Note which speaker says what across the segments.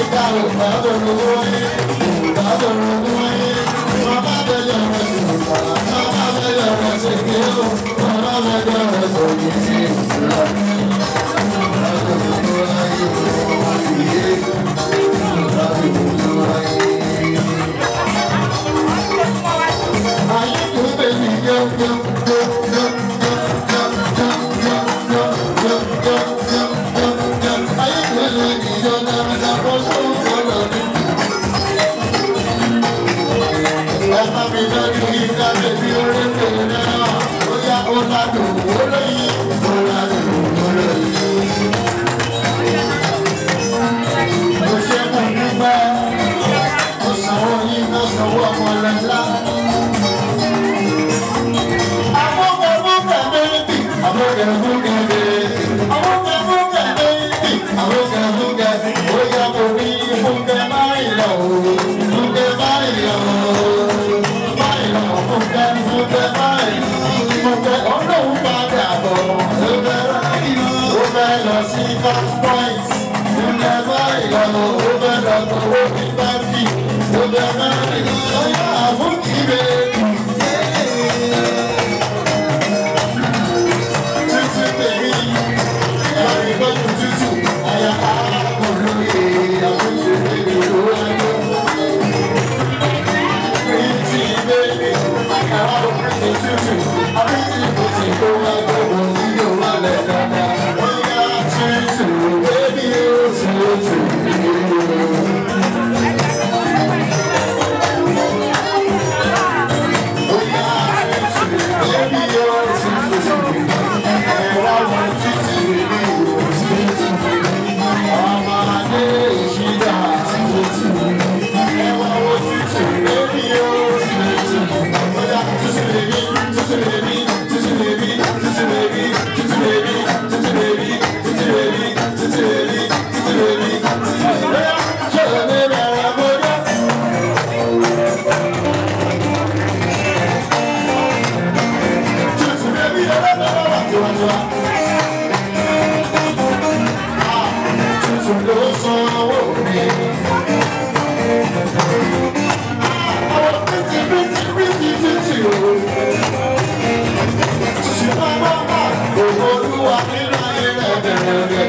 Speaker 1: ìdárò sábẹ̀ tó fi lọ́dún yìí ká bẹ̀bí orí kò náà ó yá ó
Speaker 2: Jesus Christ. Whenever I am over the broken party, whenever I am forgiven.
Speaker 3: I'm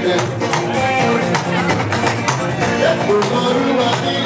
Speaker 1: Yeah. We're going to